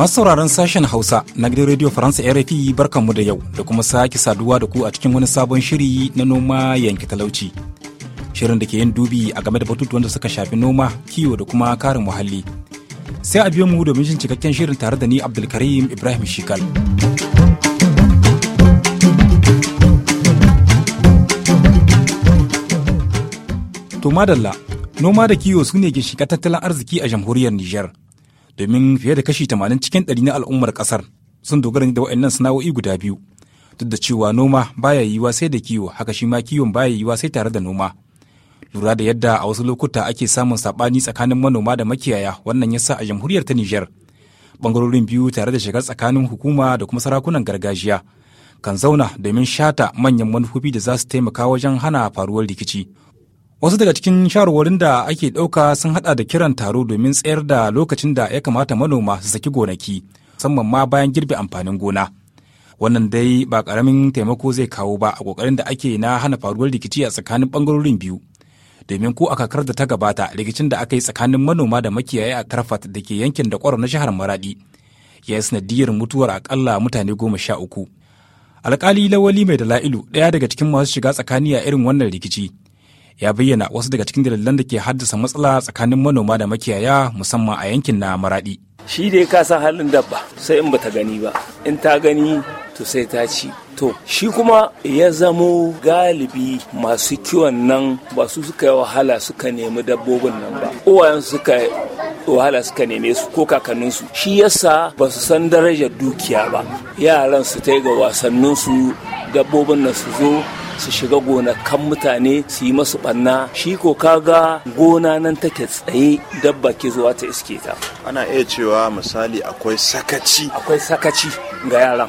Masu sauraron sashen Hausa na gidan Radio Faransa RFI barkanmu da yau da kuma sake saduwa da ku a cikin wani sabon shiri na noma yanke talauci. Shirin da ke yin dubi a game da batutuwan da suka shafi noma, kiwo da kuma karin muhalli. Sai a biyo mu domin jin cikakken shirin tare da ni Abdulkarim Ibrahim Shikal. To madalla, noma da kiwo su ne ginshiƙa tattalin arziki a jamhuriyar Nijar. domin fiye da kashi tamanin cikin 100 na al'ummar kasar sun dogara ne da wa'annan sana'o'i guda biyu duk da cewa noma baya yiwuwa sai da kiwo haka shi ma kiwon baya yiwuwa sai tare da noma lura da yadda a wasu lokuta ake samun saɓani tsakanin manoma da makiyaya wannan yasa a jamhuriyar ta Nijar bangarorin biyu tare da shigar tsakanin hukuma da kuma sarakunan gargajiya kan zauna domin shata manyan manufofi da za su taimaka wajen hana faruwar rikici wasu daga cikin shawarwarin da ake ɗauka sun haɗa da kiran taro domin tsayar da lokacin da ya kamata manoma su saki gonaki musamman ma bayan girbe amfanin gona wannan dai ba ƙaramin taimako zai kawo ba a ƙoƙarin da ake na hana faruwar rikici a tsakanin ɓangarorin biyu domin ko a kakar da ta gabata rikicin da aka yi tsakanin manoma da makiyaya a karfat da ke yankin da kwaro na jihar maradi ya yi sanadiyar mutuwar akalla mutane goma sha uku alkali lawali mai dala'ilu ɗaya daga cikin masu shiga tsakani a irin wannan rikici ya bayyana wasu daga cikin dalilan da ke haddasa matsala tsakanin manoma da makiyaya musamman a yankin na maradi shi dai ka san halin dabba sai in bata gani ba in ta gani to sai ta ci to shi kuma ya zamo galibi masu kiwon nan ba su suka yi wahala suka nemi dabbobin nan ba uwayen suka wahala suka neme su ko kakanninsu shi yasa ba su san darajar dukiya ba yaran su ta ga wasanninsu dabbobin nan su zo su shiga gonakan mutane su yi masu banna shi ko ga gona nan take tsaye dabba ke zuwa ta iske ta ana iya cewa misali akwai sakaci akwai sakaci ga yaran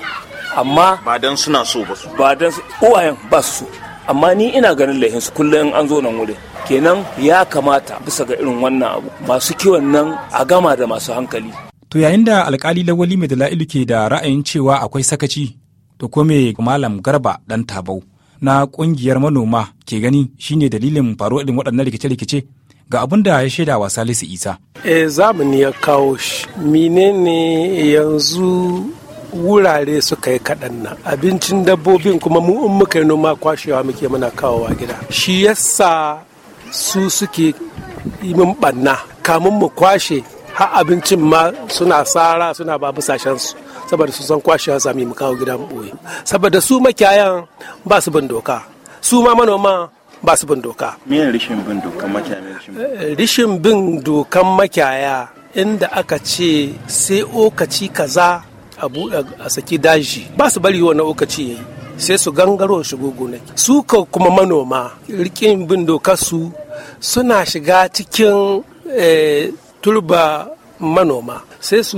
amma ba dan suna so ba su ba dan uwayen ba su amma ni ina ganin laihin su kullum an zo nan wuri kenan ya kamata bisa ga irin wannan abu masu kiwon nan a gama da masu hankali to yayin da alkali lawali mai dala'ilu ke da ra'ayin cewa akwai sakaci to ko malam garba dan tabau na ƙungiyar manoma ke gani shine dalilin faruwar irin waɗannan rikice-rikice ga abin da ya shaida wa salisu isa e zamani ya kawo shi menene yanzu wurare suka yi kaɗan nan abincin dabbobin kuma mu in muka yi noma kwashewa muke muna kawowa gida shi yasa su suke yi min ɓanna kamun mu kwashe har abincin ma suna sara suna ba sashensu saboda su san kwashewa sami mu kawo gida mu saboda su makiyayan ba su bin doka su ma manoma ba su bin doka me rishin bin dokan makiyaya rishin eh, bin dokan makiyaya inda aka ce sai okaci kaza a buɗe a saki daji ba su bari wannan okaci yayi sai su gangaro shigo gonaki su kuma manoma rikin bin dokar su suna shiga cikin eh, turba manoma sai su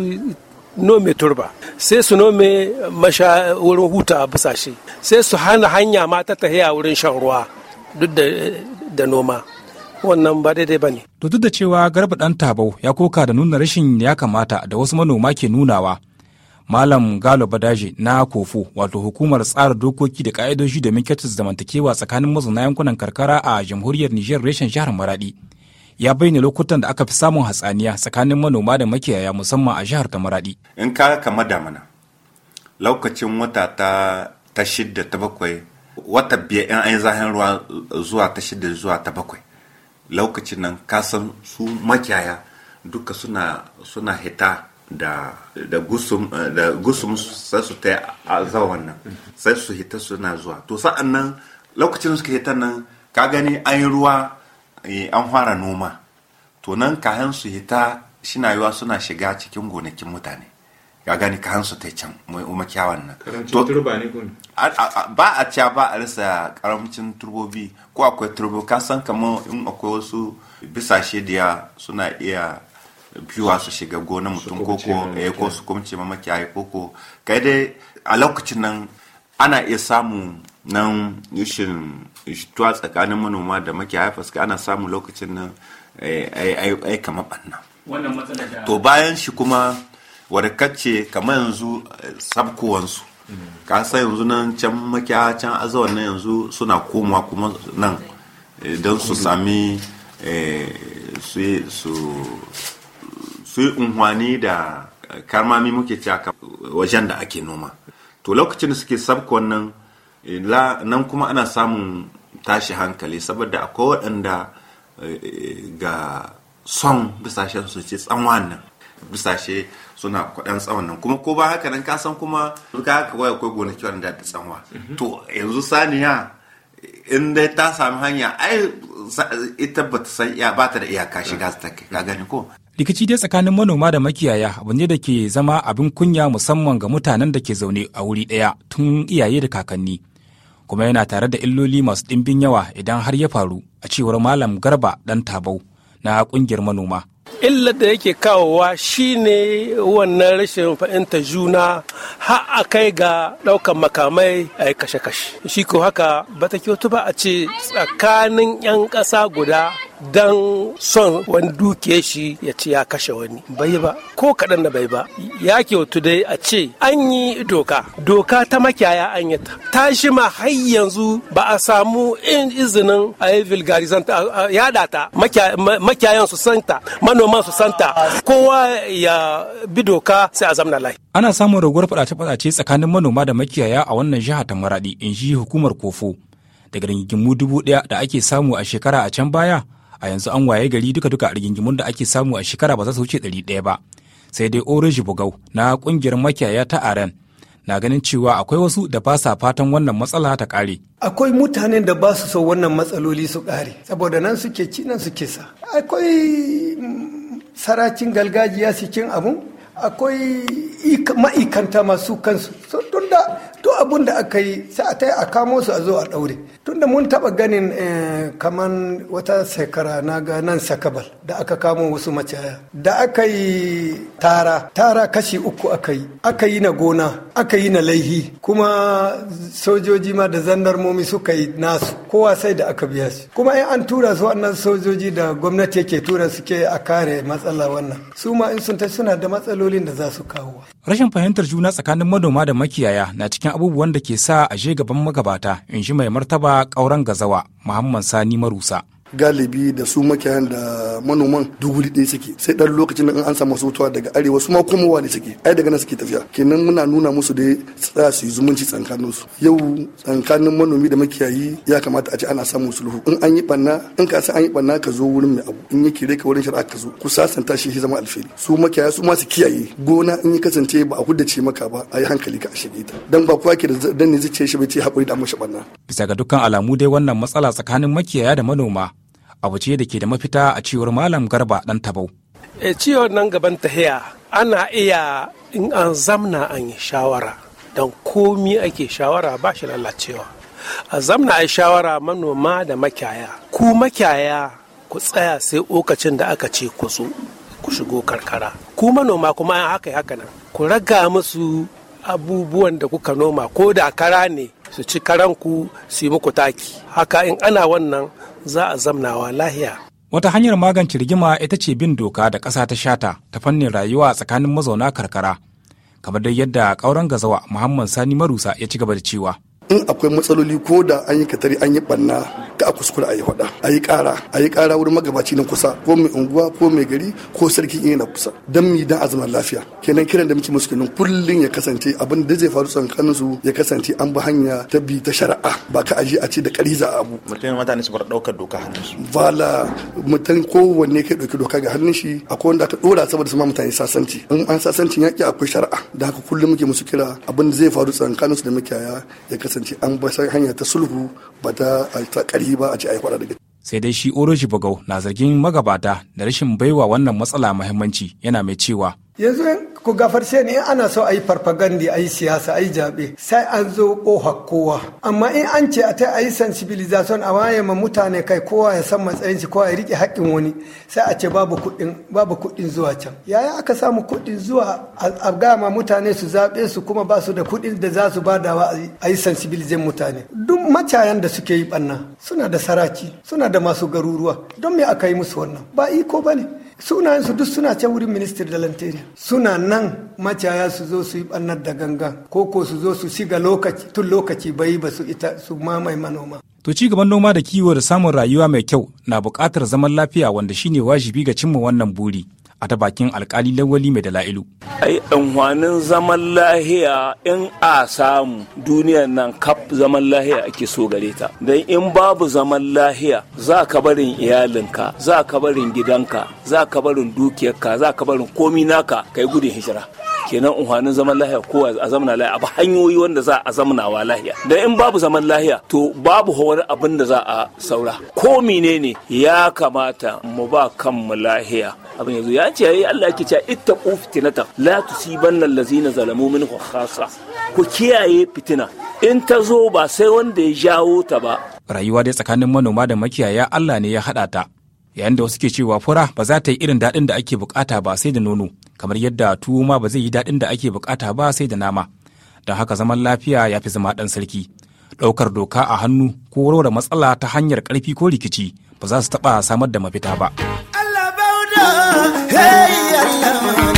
nome turba sai su nome masha wurin huta a busashe sai su hana hanya ma ta tahiya wurin shan ruwa duk da noma wannan ba daidai ba ne. To duk da cewa garba ɗan tabau ya koka da nuna rashin ya kamata da wasu manoma ke nunawa. Malam Galo Badaje na Kofo wato hukumar tsara dokoki da ka'idoji da minkatis zamantakewa tsakanin mazauna yankunan karkara a jamhuriyar Nijar reshen jihar Maradi ya bayyana lokutan da aka fi samun hatsaniya tsakanin manoma da makiyaya musamman a jihar ta maradi in ka kama damana lokacin wata ta ta shidda ta bakwai wata biyar yan an zahin ruwa zuwa ta shidda zuwa ta bakwai lokacin nan kasan su makiyaya duka suna suna hita da da gusum da gusum sai su ta azawan wannan sai su hita suna zuwa to sa'an nan lokacin suka hita nan ka gani an yi ruwa Eh, an fara noma to nan kayan su hita shina yiwa suna shiga cikin gonakin mutane ya gani kayan su ta can kyawan nan ba a cewa ba a rasa karamcin turbobi ko akwai turbo ka san kamar in akwai wasu bisashe da suna iya biyuwa su shiga gona mutum koko ya ko eh, su kumce ma ko koko kai dai a lokacin nan ana iya samun nan yushin tuwa tsakanin manoma da makiyaya faska ana samun lokacin nan eh, aika kama to bayan shi kuma warkacce kamar yanzu eh, sabkowansu ka san yanzu nan can makiyaya can azawar nan yanzu suna komawa kuma nan eh, don su sami su yi unhwani da karmami muke cewa wajen da ake noma to lokacin da suke sabkon nan Eh, nan kuma ana samun tashi hankali saboda akwai waɗanda eh, ga son bisashen su ce tsawon nan bisashe suna kwaɗan tsawon nan kuma ko ba haka nan ka san kuma duka haka waya kai gonaki wanda da tsawon mm-hmm. to yanzu saniya in dai ta sami hanya ai ita ba ta san iya ba ta da iyaka shiga ta kai ka gani ko rikici dai tsakanin manoma da makiyaya abu da ke zama abin kunya musamman ga mutanen da ke zaune a wuri ɗaya tun iyaye da kakanni kuma yana tare da illoli masu ɗimbin yawa idan har ya faru a cewar malam garba dan tabau na ƙungiyar manoma illar da yake kawowa shine wannan rashin fahimta juna har a kai ga ɗaukan makamai a kashe-kashe shi ko haka ba ta kyautu ba a ce tsakanin 'yan ƙasa guda dan son wani duke shi ya ci ya kashe wani bai ba ko kaɗan da bai ba ya kyautu dai a ce an yi doka doka ta makiyaya an yi ta shi ma har yanzu ba a samu in izinin a yi vulgarizant ya ta makiyayan su santa manoman su santa kowa ya bi doka sai a zamna lai ana samun raguwar fadace-fadace tsakanin manoma da makiyaya a wannan jiha ta maradi in ji hukumar kofo daga rigimu dubu daya da ake samu a shekara a can baya a yanzu an waye gari duka-duka a rigingimun da ake samu a shekara ba za su wuce ɗari ɗaya ba sai dai orange bugau na ƙungiyar makiyaya ta aren na ganin cewa akwai wasu da ba sa fatan wannan matsala ta ƙare. Akwai mutanen da ba su so wannan matsaloli su ƙare, saboda nan suke ci nan suke sa. Akwai mm, saracin galgajiya cikin abu akwai ma'ikanta masu kansu, don da duk abun da aka yi sai a taya a kamo su a zo a ɗaure. tunda mun taɓa ganin eh, kaman wata shekara na ga nan sakabal da aka kamo wasu macaya da aka yi tara tara kashi uku aka yi aka yi na gona aka yi na laihi kuma sojoji ma da zandar momi suka yi nasu kowa sai da aka biya su kuma in an tura su wannan sojoji da gwamnati yake tura su ke a kare matsala wannan su ma in sun ta suna da matsalolin da za su kawo rashin fahimtar juna tsakanin manoma da makiyaya na cikin abubuwan da ke sa a gaban magabata in ji mai martaba ƙauren gazawa Muhammad Sani Marusa. galibi da su makiyayan da manoman duguri ɗaya suke sai ɗan lokacin da an samu sautuwa daga arewa su ma komowa ne suke ai daga nan suke tafiya kenan muna nuna musu da tsaya su yi zumunci tsakanin su yau tsakanin manomi da makiyayi ya kamata a ce ana samun sulhu in an yi banna in ka san an yi banna ka zo wurin mai abu in yi kire ka wurin shari'a ka zo ku sasanta shi zama alfili su makiyaya su ma su kiyaye gona in ya kasance ba a kudace maka ba a yi hankali ka a shige ta dan ba kowa ke da danne zai ce shi bai ce haƙuri da mashi banna bisa ga dukkan alamu dai wannan matsala tsakanin makiyaya da manoma abu ce da ke da mafita a cewar malam garba dan tabau e eh, ciwon nan gaban tahiya ana iya in an zamna an yi shawara don komi ake shawara ba shi lalacewa a zamna a shawara manoma da makyaya ku makyaya ku tsaya sai lokacin da aka ce ku zo ku shigo karkara ku manoma kuma an haka haka nan ku raga musu abubuwan da kuka noma ko da kara ne su ci karanku su yi muku taki haka in ana wannan za a zamnawa lahiya wata hanyar magance rigima ita ce bin doka da ƙasa ta shata ta fannin rayuwa tsakanin mazauna karkara kamar dai yadda ƙauren gazawa muhammad sani marusa ya ci gaba da cewa in akwai matsaloli ko da an yi katari an yi banna ka a kuskura a yi hada a yi kara a yi kara wurin magabaci na kusa ko mai unguwa ko mai gari ko sarki in yana kusa dan mi dan azumar lafiya kenan kiran da muke musu kenan kullun ya kasance abin da zai faru tsakanin su ya kasance an bi hanya ta bi ta shari'a ba ka aje a ce da kariza a abu mutum mutane su bar daukar doka hannun su bala mutum kowanne kai dauki doka ga hannun shi akwai wanda aka dora saboda su ma mutane sasanci in an sasancin yaki akwai shari'a da haka kullum muke musu kira abin da zai faru tsakanin su da makiyaya ya kasance kasance an bar hanya ta sulhu ba ta ƙarfi ba a ci a yi daga. sai dai shi oroji bagau na zargin magabata da rashin baiwa wannan matsala muhimmanci yana mai cewa yanzu ku ga in ana so a yi farfagandi a yi siyasa a yi jabe sai an zo ƙofar kowa amma in an ce a ta a yi sensibilization a waye ma mutane kai kowa ya san matsayin shi kowa ya rike haƙƙin wani sai a ce babu kuɗin babu kuɗin zuwa can yaya aka samu kuɗin zuwa a gama mutane su zaɓe su kuma ba su da kuɗin da za su badawa a yi sensibilizin mutane duk macayan da suke yi ɓanna suna da saraki suna da masu garuruwa don me aka yi musu wannan ba iko ba ne sunayensu duk suna can wurin ministir da lantarki suna nan macaya su zo su yi bannar da ganga ko ko su zo su shiga lokaci tun lokaci bai ba su ita su mamaye manoma to ci gaban noma da kiwo da samun rayuwa mai kyau na buƙatar zaman lafiya wanda shine wajibi ga cimma wannan buri a ta bakin alkali lawali mai dala'ilu. Ai amfanin zaman lahiya in a samu duniyar nan kaf zaman lahiya ake so gare ta. Don in babu zaman lahiya za ka barin iyalinka, za ka barin gidanka, za ka barin dukiyarka, za ka barin komi naka kai gudun hijira. kenan unhanin zaman lahiya ko a zamana lahiya abu hanyoyi wanda za a zamanawa lahiya da in babu zaman lahiya to babu hawar abin da za a saura ko menene ya kamata mu ba kanmu lahiya abin yanzu ya ce ya yi Allah yake cewa ittaqu za la tusibanna allazina zalamu minhu khassa ku kiyaye fitina in ta zo ba sai wanda ya jawo ta ba rayuwa dai tsakanin manoma da makiyaya Allah ne ya hada ta yayin da wasu ke cewa fura ba za ta yi irin daɗin da ake bukata ba sai da nono kamar yadda tuwo ma ba zai yi daɗin da ake bukata ba sai da nama don haka zaman lafiya ya fi zama ɗan sarki ɗaukar doka a hannu ko warware matsala ta hanyar ƙarfi ko rikici ba za su taɓa samar da mafita ba. hey, yeah, yeah.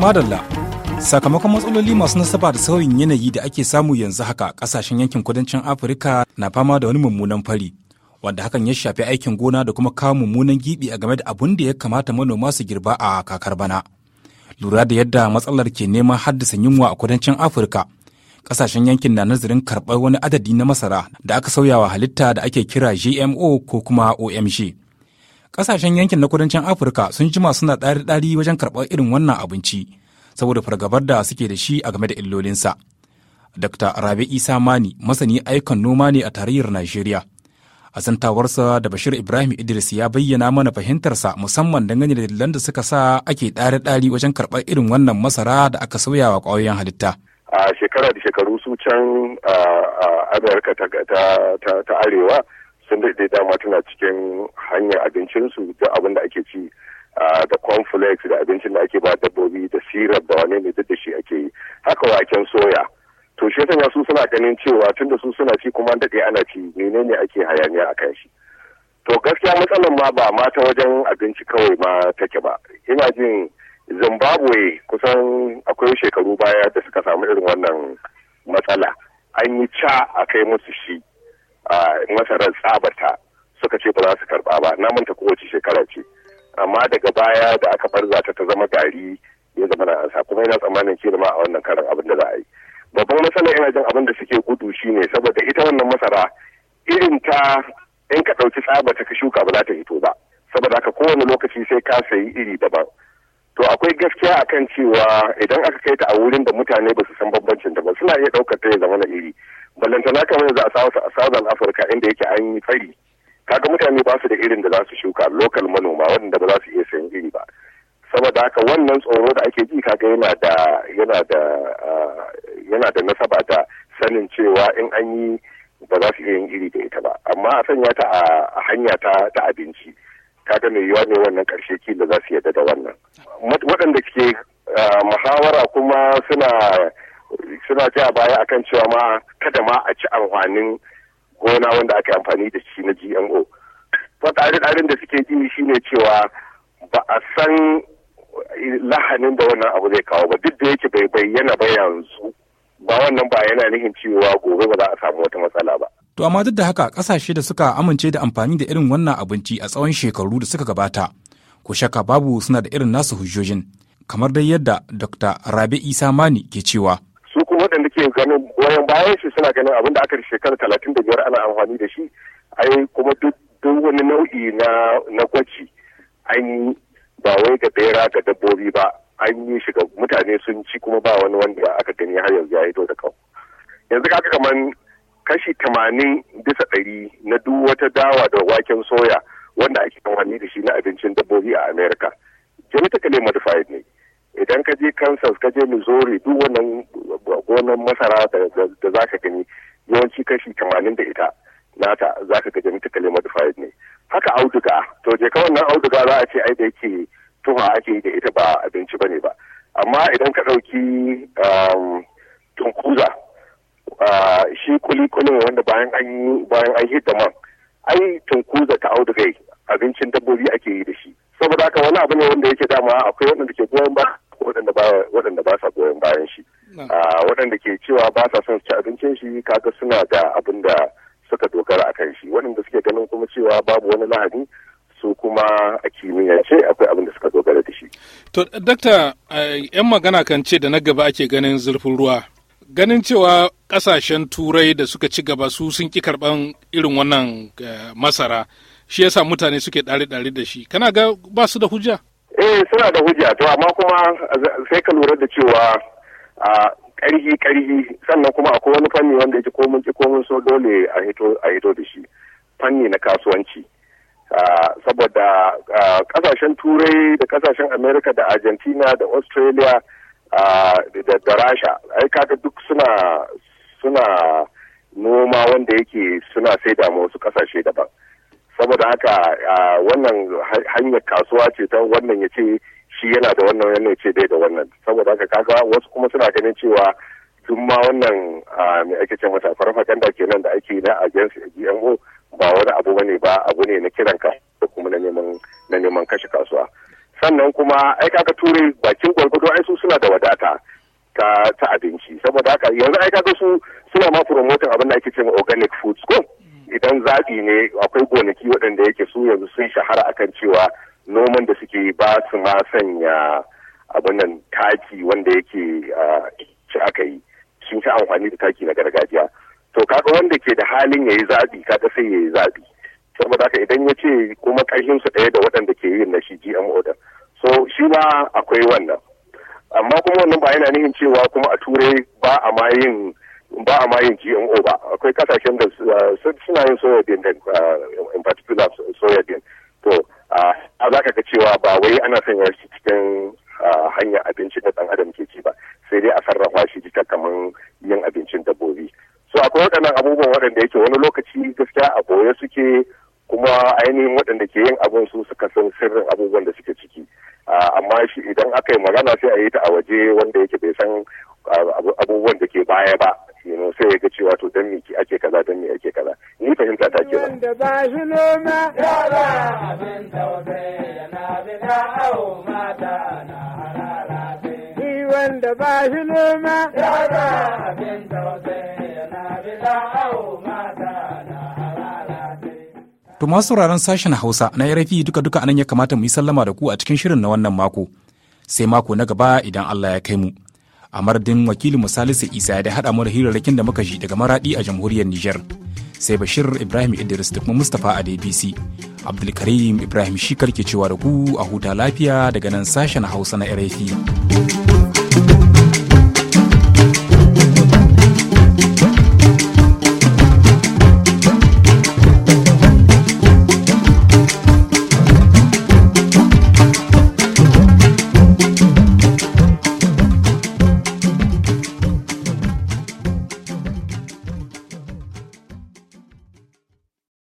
madalla, sakamakon matsaloli masu nasaba da sauyin yanayi da ake samu yanzu haka kasashen yankin kudancin Afirka na fama da wani mummunan fari, wanda hakan ya shafi aikin gona da kuma kawo mummunan gibi a game da abun da ya kamata manoma su girba a kakar bana. Lura da yadda matsalar ke neman haddasa yunwa a kudancin Afirka, kasashen yankin na nazarin karɓar wani adadi na masara da aka sauyawa halitta da ake kira GMO ko kuma OMG. kasashen yankin na kudancin Afirka sun jima suna ɗari-ɗari wajen karɓar irin wannan abinci saboda fargabar da suke da shi a game da illolinsa. Dr. Rabi Isa Mani masani aikan noma ne a tarayyar Najeriya. A santawarsa da Bashir Ibrahim Idris ya bayyana mana fahimtarsa musamman dangane da dalilan da suka sa ake ɗari-ɗari wajen karɓar irin wannan masara da aka sauya wa ƙwayoyin halitta. A shekara da shekaru su can a Amurka ta Arewa sun daɗe dama tana cikin hanyar abincinsu da abin da ake ci da cornflakes da abincin da ake ba dabbobi da sirap da wane ne duk da shi ake yi haka waken soya to shi sanya su suna ganin cewa tun da su suna ci kuma daɗe ana ci menene ake hayaniya a kan shi to gaskiya matsalar ma ba mata wajen abinci kawai ma take ba ina jin zimbabwe kusan akwai shekaru baya da suka samu irin wannan matsala an yi ca a kai musu shi masarar tsabata suka ce ba za su karba ba na manta kowace shekara ce amma daga baya da aka za ta ta zama gari ya zama na ansa kuma yana tsammanin ke ma a wannan karan abin da za a yi babban matsalar yana jin abin da suke gudu shi ne. saboda ita wannan masara irin ta in ka ɗauki tsabata ka shuka ba za ta hito ba saboda haka kowane lokaci sai ka sayi iri daban to akwai gaskiya a kan cewa idan aka kai ta a wurin da mutane ba su san bambancin ta ba suna iya ɗaukar ta ya zama na iri ballantana kamar yanzu a southern africa inda yake an yi fari kaga mutane ba su da irin da za su shuka lokal manoma waɗanda ba za su iya sayan iri ba saboda haka wannan tsoro da ake ji kaga yana da yana da yana da nasaba da sanin cewa in an yi ba za su iya yin iri da ita ba amma a sanya ta a hanya ta abinci kaga mai yiwuwa ne wannan karshe kila za su yadda da wannan waɗanda ke muhawara kuma suna suna ja baya akan cewa ma kada ma a ci amfanin gona wanda aka amfani da shi na GMO fa ɗarin da suke yi shine cewa ba a san lahanin da wannan abu zai kawo ba duk da yake bai bayyana ba yanzu ba wannan ba yana nufin cewa gobe ba za a samu wata matsala ba To amma duk da haka kasashe da suka amince da amfani da irin wannan abinci a tsawon shekaru da suka gabata, ko shaka babu suna da irin nasu hujjojin, kamar dai yadda Dr. Rabi Isa Mani ke cewa. Su kuma waɗanda ke ganin goyon bayan shi suna ganin abin da aka shekara talatin da biyar ana amfani da shi, ai kuma duk wani nau'i na gwaji an yi ba wai ga bera ga dabbobi ba an yi shi ga mutane sun ci kuma ba wani wanda aka gani har yanzu ya yi da kau yanzu ka kamar kashi tamanin bisa ɗari na duk wata dawa da waken soya wanda ake amfani da shi na abincin dabbobi a america genetically modified ne idan ka je kansas ka je missouri duk wannan gonan masara da za ka gani yawanci kashi tamanin da ita nata za ka ga genetically modified ne haka auduga to je ka wannan auduga za a ce ai da yake tuha ake yi da ita ba abinci bane ba amma idan ka ɗauki um, tunkuza shi kulikuli wanda bayan an yi bayan an hidda man ai tunkuza ta audugai abincin dabbobi ake yi da shi saboda haka wani abu ne wanda yake dama akwai waɗanda ke goyon ba waɗanda ba waɗanda ba sa goyon bayan shi waɗanda ke cewa ba sa son ci abincin shi kaga suna da abin da suka dogara akan shi waɗanda suke ganin kuma cewa babu wani lahadi su kuma a kimiyyance akwai abin da suka dogara da shi. To, dakta, 'yan magana kan ce da na gaba ake ganin zurfin ruwa. ganin cewa kasashen turai da suka ci gaba su sun ki karban irin wannan eh, masara shi yasa mutane suke ɗari-ɗari da shi kana ga ba su da hujja eh suna da hujja to amma kuma sai ka lura da cewa a ƙarhi ƙarhi sannan kuma akwai wani fanni wanda yake komun ki komun so dole a hito a hito da shi fanni na kasuwanci saboda kasashen turai da kasashen america da argentina da australia da rasha ai kaga duk suna suna noma wanda yake suna sai da wasu kasashe daban saboda haka wannan hanyar kasuwa ce ta wannan ya ce shi yana da wannan wannan ce dai da wannan saboda haka kaga wasu kuma suna ganin cewa duk ma wannan mai ake ce mata farfaganda kenan da ake na a GMO ba wani abu bane ba abu ne na kiran ka da kuma na neman kashe kasuwa sannan kuma ai kaga turai bakin gwargwado ai su suna da wadata ta abinci saboda haka yanzu ai kaga su suna ma promoting abin da ake cewa organic foods ko idan zabi ne akwai gonaki waɗanda yake su yanzu sun shahara akan cewa noman da suke ba su ma sanya abin nan taki wanda yake ci aka yi sun fi amfani da taki na gargajiya to kaga wanda ke da halin yayi zaɓi kaga sai yayi zabi. saboda haka idan ya ce kuma ƙarshen su ɗaya da waɗanda ke yin na shi GMO da so shi ma akwai wannan amma kuma wannan ba yana nihin cewa kuma a turai ba a ma yin ba a ma yin GMO ba akwai kasashen da uh, suna yin soya din uh, in particular soya din to a za ka ga cewa ba wai ana sanya shi cikin uh, hanyar abinci da ɗan adam ke ci ba sai dai a sarrafa shi jika kamar yin abincin dabbobi so akwai waɗannan abubuwan waɗanda yake wani lokaci gaskiya a boye suke kuma ainihin waɗanda ke yin abin su suka san sirrin abubuwan da suke ciki ah, amma shi idan aka yi magana sai a yi ta a waje wanda yake bai san ah, abubuwan da ke baya ba sai ya ga cewa to don me ake kaza don me ake kaza ni fahimta ta ke ba shi noma yara abin tausayi na bi na au mata na harara shi abin na To masu sauraron sashen Hausa na irafi duka duka anan ya kamata mu yi sallama da ku a cikin shirin na wannan mako. Sai mako na gaba idan Allah ya kai mu. A madadin wakilin Salisu Isa da haɗa mu da hirarrakin da muka ji daga maraɗi a jamhuriyar Nijar. Sai Bashir Ibrahim Idris da kuma Mustapha a DBC. Abdulkarim Ibrahim Shikar ke cewa da ku a huta lafiya daga nan sashen Hausa na RFI.